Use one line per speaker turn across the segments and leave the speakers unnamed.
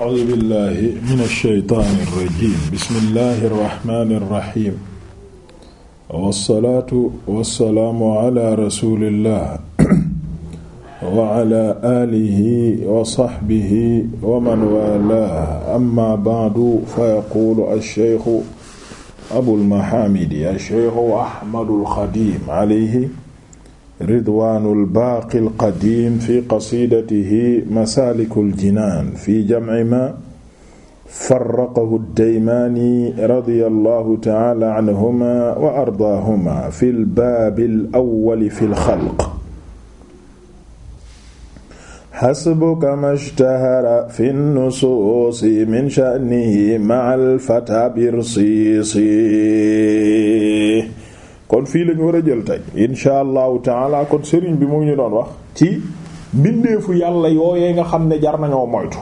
a'uuzu billaahi mina shaytaani rajiim bismillaahi rahmaani rahiim wassalaatu wassalaamu ala rasuulillaah wa ala aalihi wa sahbihi wa man waalaahu amma ba'du fa yaquulu ash-shaykhu abul mahaamidi ash-shaykhu ahmadul xadiim alayhi ridwaanul baaqil qadiim fi qasiidatihi masaalikul jinaan fi jamci maa farraqahu daymaani radiyallahu ta'aala anhumaa wa ardaahumaa fil baabil awwali fil xalq. xasbuka mashtahara fi nusuusi min sha'nihi ma'al fataa birsiisi. kon fii lañu war a jël tey insha allahu taala kon sëriñ bi mu ngi ñu doon wax ci bindeefu yàlla yooyee nga xam ne jar nañoo moytu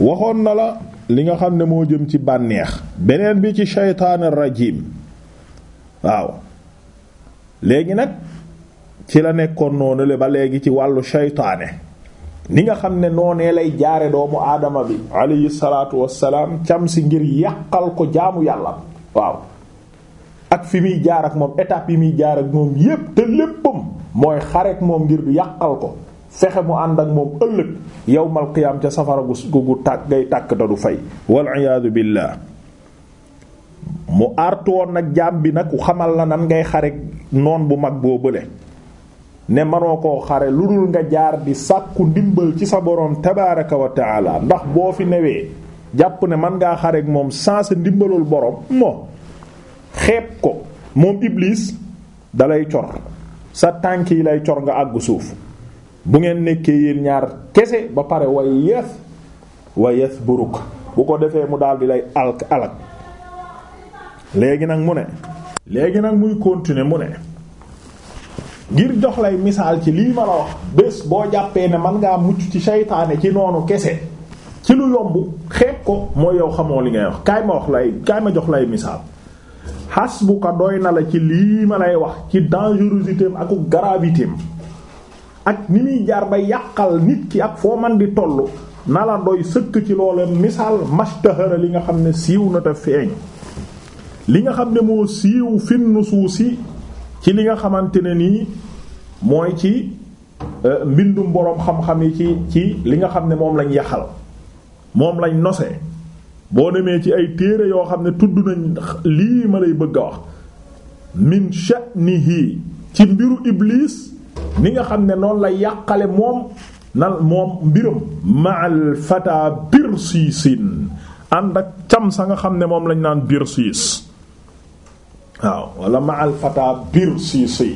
waxoon na la li nga xam ne moo jëm ci bànneex beneen bi ci shaytaani rajim waaw léegi nag ci la nekkoon noonu le ba léegi ci wàllu shaytaane ni nga xam ne noonee lay jaare doomu aadama bi alayhi salaatu wassalaam cam si ngir yàqal ko jaamu yàlla waaw fi muy jaar ak moom étape yi muy jaar ak moom yépp te léppam mooy xareek moom ngir yàqal ko fexe mu ànd ak moom ëllëg yawmal qiyaam ca safara gu gu tàkk ngay tàkk te du fay wal iyaadu billaah mu artu woon nag jaam bi nag xamal la nan ngay xareek noon bu mag boo bële ne manoo ko xare lu dul nga jaar di sàkku ndimbal ci sa boroom tabaaraka wa taala ndax boo fi newee jàpp ne man ngaa xareek moom sans ndimbalul boroom moo xeeb ko moom iblis dalay cor sa tànk yi lay cor nga àggu suuf bu ngeen nekkee yéen ñaar kese ba pare way yes wa yes buruk bu ko defee mu daal di lay alk alak léegi nag mu ne léegi nag muy continuer mu ne ngir jox lay misaal ci lii ma la wax bés boo jàppee ne man ngaa mucc ci seytaane ci noonu kese ci lu yomb xeeb ko mooy yow xamoo li ngay wax kaay ma wax lay kaay ma jox lay misaal hasbuka doy na la ci lii ma lay wax ci dangerosité am ak gravité am ak ni muy jaar ba yàqal nit ki ak foo man di toll na la doy sëkk ci loola misaal mashtahara li nga xam ne siiw na te feeñ li nga xam ne moo siiw fin nusuusi ci li nga xamante ne nii mooy ci euh, mbindum boroom xam-xam yi ci ci li nga xam ne moom lañ yàqal moom lañ nose boo demee ci ay téere yoo xam ne tudd nañ lii ma lay bëgg a wax min sha'nihi ci mbiru ibliis ni nga xam ne noonu la yàqale moom na moom mbiram ma'al fata birsiisin ànd ak cam sa nga xam ne moom lañ naan birsiis waaw wala ma'al fata birsiisi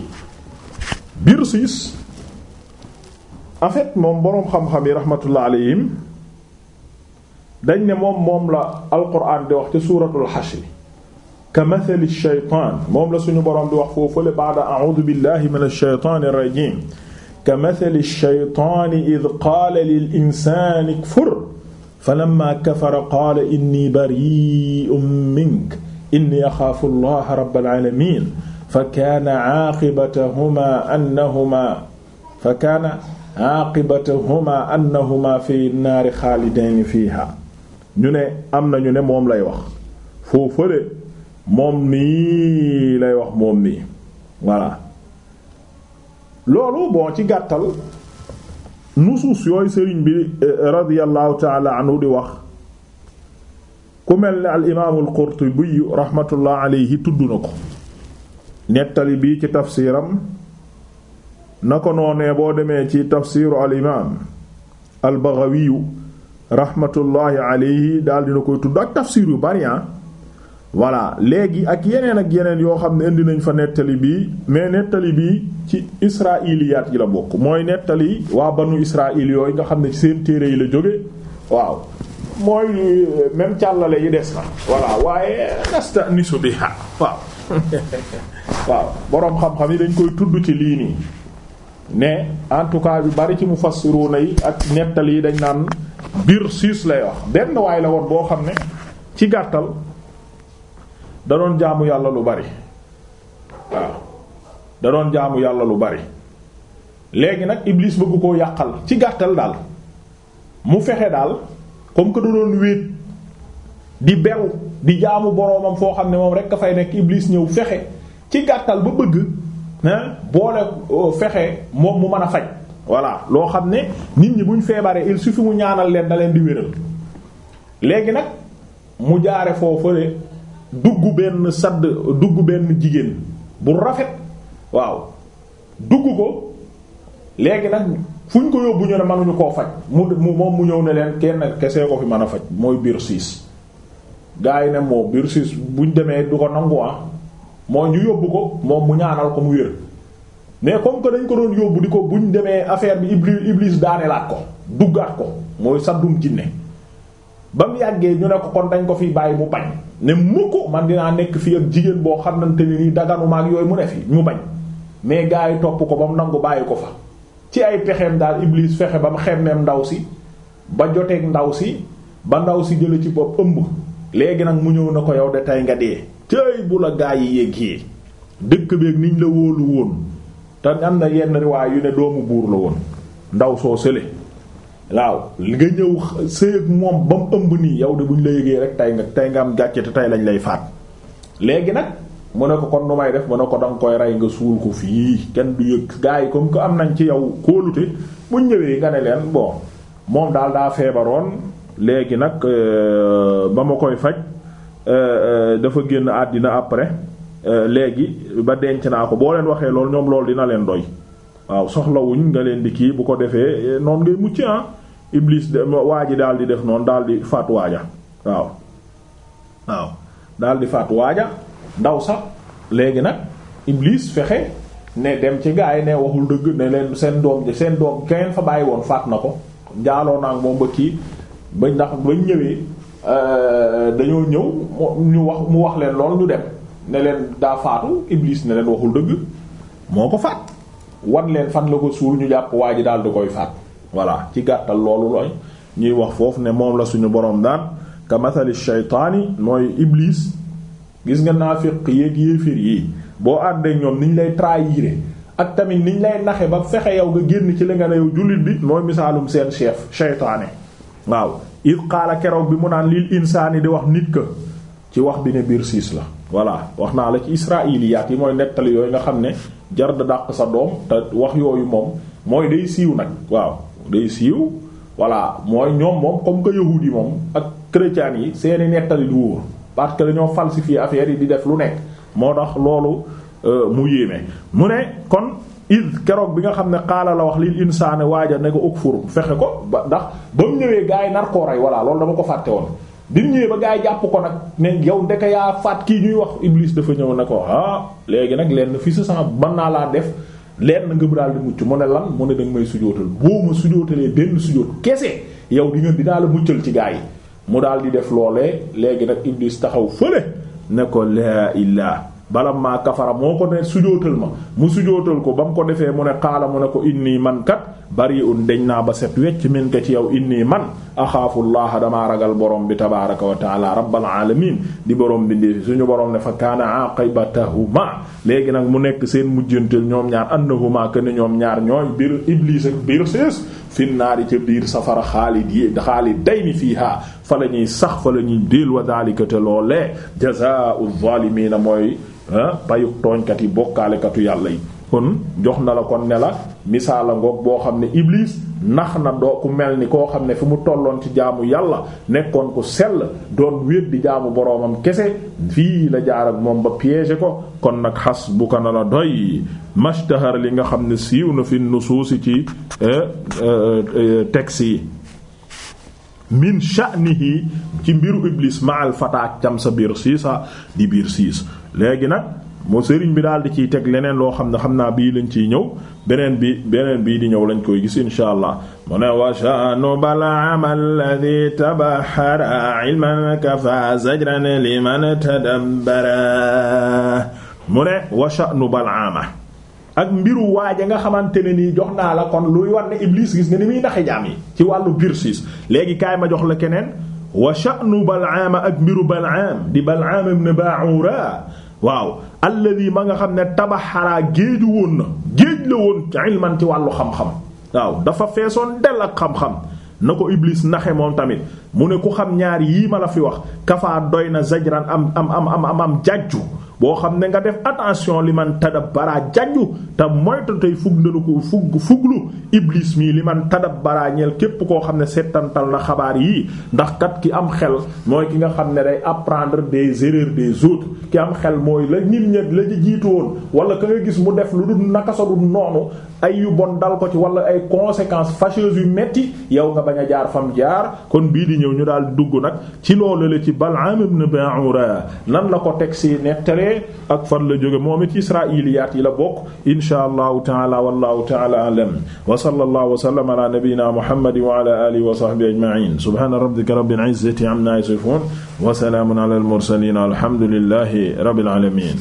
birsiis en fait moom boroom xam-xam yi rahmatullah alayhim dañ ne moom moom la alquran di wax ci suuratul xashri ka mathali shaytaan moom la suñu boroom di wax foofule ba'da a'uudu billahi mina shaytaani rajiim ka mathali shaytaani id qaala lil insaani kfur falammaa kafara qaala innii barii'un minka innii axaafu llaaha rabbal aalamiin fa kaana caaqibatahumaa annahumaa fa kaana caaqibatahumaa annahumaa fi naari xaalidayni fiihaa ñu ne am na ñu ne moom lay wax foo fële moom nii lay wax moom nii voilà loolu bon ci gàttal nusuus yooyu sëriñ bi eh, radiyallahu taala anhu di wax ku mel ne al imaamul Qurtubi rahmatullah alayhi tudd na ko nettali bii ci tafsiram na ko noonee boo demee ci tafsiru al imaam al Baghawi rahmatullahi alayhi daal dina koy tudd ak tafsir yu bari ah. voilà léegi ak yeneen ak yeneen yoo xam ne indi nañ fa nettali bii mais nettali bii ci israiliyaat yi la bokk mooy nettali waa banu israil yooyu nga xam ne ci seen téere yi la jóge waaw mooy euh, même càllale yi des na voilà waaye nasta nisu bi ha waaw boroom xam-xam yi dañ koy tudd ci lii nii ne en tout cas yu bari ci mu mufassiruna yi ak nettali yi dañ naan biir siis lay wax benn waay la woon boo xam ne ci gàttal da doon jaamu yàlla lu bari waaw da doon yàlla lu bari léegi nag Iblis bëgg koo yàqal ci gàttal daal mu fexe daal comme que da doon wéet di beru di jaamu boroomam foo xam ne moom rek ka fay nekk Iblis ñëw fexe ci gàttal ba bëgg boole euh, fexe moom mu mën a faj voilà loo xam ne nit ñi buñ feebaree il suffit mu ñaanal leen da leen di wéral léegi nag mu jaare foofale dugg benn sadd dugg benn jigéen bu rafet waaw dugg ko léegi nag fu ñu ko yóbbu ñu ne mënuñu koo faj mu moom mu ñëw ne leen kenn kese ko fi mën a faj mooy biir siis gaa yi ne moo biir siis buñ demee du ko nangu ah moo ñu yóbbu ko moom mu ñaanal ko mu wér mais comme que dañ ko doon yóbbu di ko bu ñu demee affaire bi iblis iblis daanelaat ko duggaat ko mooy saddum jinne ba mu yàggee ñu ne ko kon dañ ko fi bàyyi mu bañ ne mukk man dinaa nekk fii ak jigéen boo xamante ne nii daganuma ak yooyu mu ne fi ñu bañ mais gars yi topp ko ba mu nangu bàyyi ko fa. ci ay pexeem daal Iblis fexe ba mu xemmeem ndaw si ba joteeg ndaw si ba ndaw si jële ci bopp ëmb léegi nag mu ñëw na ko yow de tey nga dee. tey bu la gaa yi yéeg dëkk beeg niñ la wóolu woon te am na yenn riwaay yu ne doomu buur la woon ndaw soo sële waaw li nga ñëw sëyëg moom ba mu ëmb nii yow de bu ñu la yëgee rek tey nga tey nga am gàcce te tey lañ lay faat léegi nag mu ne ko kon nu may def mu ne ko danga koy rey nga suul ko fii kenn du yëg gaa yi comme que am nañ ci yow kóolute buñ ñëwee nga ne leen bon moom daal daa feebaroon léegi nag euh, ba ma koy faj euh, euh, dafa génn àddina après Euh, léegi ba denc naa ko boo leen waxee lool ñoom loolu dina leen doy waaw soxlawuñ nga leen di kii bu ko defee eh, noonu ngay mucc ah iblis waa ji daal di def noonu daal di faat waaja waaw waaw daal di faat waaja ndaw sax léegi nag iblis fexe ne dem ci gaa yi ne waxul dëgg ne leen seen doom seen doom keneen fa bàyyi woon faat na ko njaaloo naa moom ba kii ba ndax ba ñëwee euh, dañoo ñëw mu wax mu wax leen lool ñu dem ne leen daa faatu Iblis leen waxul dëgg moo ko faat wan leen fan la ko suul ñu jàpp waa ji daal di koy faat voilà ci gàttal loolu looy ñuy wax foofu ne moom la suñu borom daan ka mathali shaytaani mooy Iblis gis nga naafiq yéeg yéeféer yi boo àndee ñoom niñ lay trahir ak tamit niñ lay naxe ba fexe yow nga génn ci li nga ne jullit bi mooy misaalum seen chef shaytaane waaw il qaala keroog bi mu naan lil insaani di wax nit ka ci wax bi ne biir siis la voilà wax naa la ci israiliyaat yi mooy nettali yooyu nga xam ne jar da dàq sa doom te wax yooyu moom mooy day siiw nag waaw day siiw voilà mooy ñoom moom comme que yahuud yi moom ak chrétiens yi seeni nettali du wóor parce que dañoo falsifier affaire yi di def lu nekk moo tax loolu euh, mu yéeme mu ne kon id keroog bi nga xam ne xaala la wax lil insaane waaja ne ko ukfur fexe ko ba ndax ba mu ñëwee gars yi nar koo rey loolu dama ko fàtte woon bi ñëwee ba gaa jàpp ko nag ne yow ndeke yaa faat kii ñuy wax Iblis dafa ñëw na ko ah léegi nag lenn fii sa sens mën naa laa def lenn nga daal di mucc mu ne lan mu ne danga may sujootal boo ma sujootalee benn sujoot kese yow di nga dinaa la muccal ci gaa yi mu daal di def loolee léegi nag Iblis taxaw fële ne ko laa illah. balam maa kafara moo ko ne sujootal ma mu sujootal ko ba mu ko defee mu ne xaala mu ne ko innii man kat bari'un deñ naa ba set wecc min ka ci yow innii man axaafullaha damaa ragal borom bi tabaraka wa taala rabbal alamin di borom bi ndiefi suñu borom ne fa kaana aqibatahuma léegi nag mu nekk seen mujjantal ñoom ñaar annahuma ken ñoom ñaar ñooy biir iblis ak biir sees fin naari ca biir safara xaalid yi xaalid day ni fiiha fa la ñuy sax fa la ñuy déel wa daalika te loolee jazaa'u zaalimiina mooy payuk tooñkat yi bokkaalekatu yàlla yi kon jox na la kon ne la misaala ngoog boo xam ne iblis nax na doo ku mel ni koo xam ne fi mu tolloon ci jaamu yàlla nekkoon ko sell doon wéet di jaamu boroomam kese fii la jaar moom ba piéger ko kon nag xas bu ko na la doy mashtahar li nga xam ne siiw na fi nusuusi ci eh, eh, eh, texte yi min sha'nihi ci mbiru iblis ma al fataak cam sa biir siisa di biir siis léegi nag moo sëriñ bi daal di ciy teg leneen loo xam ne xam naa bii lañ ciy ñëw beneen bi beneen bii di ñëw lañ koy gis insha allah mu ne washanu balaam alladi tabahara ilman kafa zajran liman tadabbara mu ne washanu ak mbiru waaja nga xamante ne nii jox naa la kon luy war ne iblis gis nga ni muy naxe jaam yi ci wàllu pursis léegi kaay ma jox la keneen wa sha'nu Bal'am ak mbiru Bal'am di Bal'am ibn Ba'ura waaw alladi ma nga xam ne tabaxaraa géeju woon na géej la woon ci ilman wàllu xam-xam waaw dafa feesoon del ak xam-xam na ko Iblis naxe moom tamit mu ne ku xam ñaar yii ma la fi wax kafaa doy na zajran am am am am am am jàjju boo xam ne nga def attention li man tadabbara jajju te moytu tey fug ndanu ko fugg fuglu iblis mii li man tadabbara ñeel képp koo xam ne settantal na xabaar yii ndax kat ki am xel mooy ki nga xam ne day apprendre des erreurs des autres ki am xel mooy la nit ña la ci jiitu woon wala ka nga gis mu def lu dul naka sa noonu ay bon dal ko ci wala ay conséquences fâcheuses yu metti yow nga bañ a jaar fam jaar kon bii di ñëw ñu daal dugg nag ci loolu la ci Bal'am ibn Ba'ura nan la ko teg si nettalee ak fan la jóge moom it israiliyaat yi la bokk insha allahu taala wallahu taala alam wa sallallahu wa sallama ala nabiyyina muhammadin wa ala alihi wa sahbihi ajma'in subhana rabbika rabbil izzati amma yasifun wa salamun naa al mursalin alhamdulillahi rabbil alamin